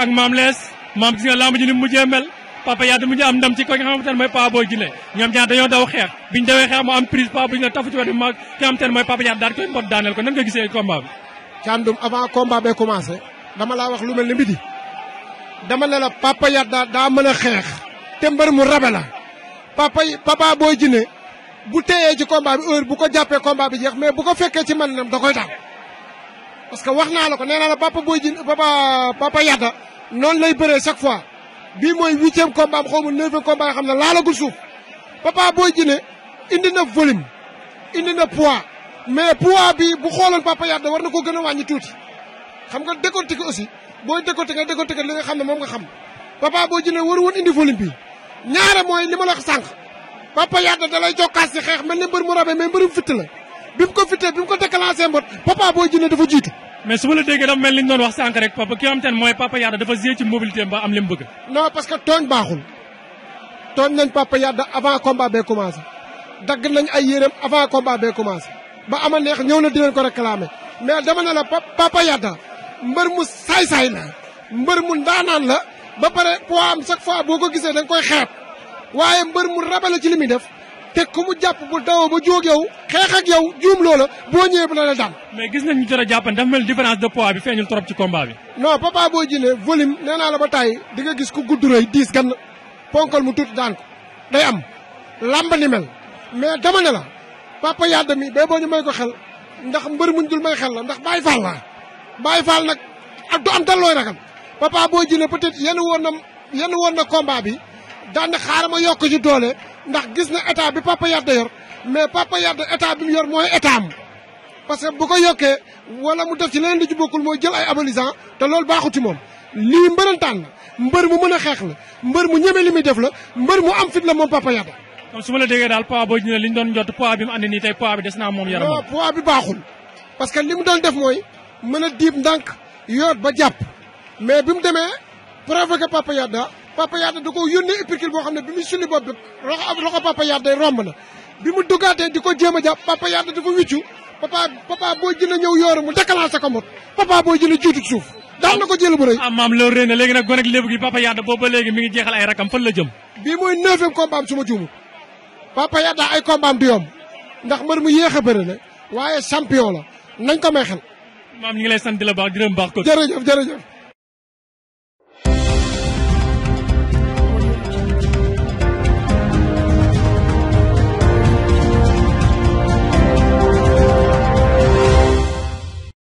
ak maam lees maam gis nga lamb ji ni mu mujjee mel papa yaat mujjee am ndam ci ko nga xamante ne mooy Papa Boy Djiné ñoom ñaar dañoo daw xeex biñ dawee xeex mu am prise Papa Boy Djiné tafu ci wetu maag ki nga xamante ne mooy papa yaat daal koy mbot daaneel ko nan nga gisee combat bi Thiandoum avant combat bay commencé dama laa wax lu mel ni midi dama ne la yaat daa daa mën a xeex te mbër mu rabe la papa Papa Boy bu téyee ci combat bi heure ko jàppee combat ci man da koy daal parce que wax naa la noonu lay bëree chaque fois bii mooy huitième combat am xaw ma neuvième combat yoo xam ne laalagul suuf Papa Boy Djiné indi na volume indi na poids mais poids bi bu xooloon Papa Yade war na ko gën a wàññi tuuti xam nga décortiquer aussi booy décortiquer décortiquer li nga xam ne moom nga xam Papa Boy Djiné waru woon indi volume bi ñaare mooy li ma la wax sànq Papa Yade da lay jokkaas si xeex mel ni mbër mu rabe mais mbërum fitt la bi mu ko fittee bi mu ko déclenché mbot Papa Boy Djiné dafa jiitu mais suma ma la déggee dafa mel ni ñu doon wax sànq rek papa ki nga xam mooy papa Yada dafa gée ci mobilité ba am li bëgg. non parce que tooñ baaxul tooñ nañ papa Yada avant combat bee commencé dagg nañ ay yéreem avant combat bee commencé ba ama neex ñëw na di leen ko réclamer mais dama ne la papa Yada mbër mu saay-saay na mbër mu ndaanaan la ba pare poids am chaque fois boo ko gisee da koy xeeb waaye mbër mu rabale ci li muy def. te ku mu jàpp bu dawoo ba jóg yow xeex ak yow juum la boo ñëwee bu la la daan. mais gis nañ ñu jot a jàppante dafa mel différence de poids bi feeñul trop ci combat bi. non Papa Boy Djiné volume nee naa la ba tàyyi di nga gis ku gudd rëy diis gan ponkal mu tuuti daan ko day am làmb mel mais dama ne la Papa Yade mi bee boo ñu may ko xel ndax mbër muñ dul may xel la ndax Baye Fall la Baye Fall nag ak du am tan looy ragal Papa Boy Djiné peut-être yenn woon na yenn woon na combat bi daan na xaaral ma yokk ci doole. ndax gis na état bi Papa Yade yor mais Papa Yade état bi mu yor mooy état am parce que bu ko yokkee wala mu def ci leneen di ci bokkul mooy jël ay abolisant te loolu baaxut ci moom lii mbërëntaan la mbër mu mën a xeex la mbër mu ñeme li muy def la mbër mu am fit la moom Papa Yade kon su ma la déggee daal poids ba ñu ne li ñu doon jot poids bi mu andi tey poids bi des naa moom yaramam non poids bi baaxul parce que li mu doon def mooy mën a diib ndànk ba jàpp mais bi mu demee provoqué Papa Yade Papa Yade da ko yónnee épicule boo xam ne bi muy sulli bopp bi loxo loxo Papa Yade na bi mu dugaatee di ko jéem a jàpp Papa Yade da ko wiccu papa papa boo jëlee ñëw yooru mu déclenché ko mot papa boo jëlee juutu suuf daal na ko jël bu am ah maam loolu rëy na léegi nag gone ak gi Papa Yade boobu léegi mi ngi jeexal ay rakam fan la jëm. bii mooy neuvième combat am su ma juumul Papa Yade ay combat am ndax mbër mu yéex a bëri la waaye champion la nañ ko may xel. maam ñu ngi lay sant di la di leen baax ko. jërëjëf jërëjëf.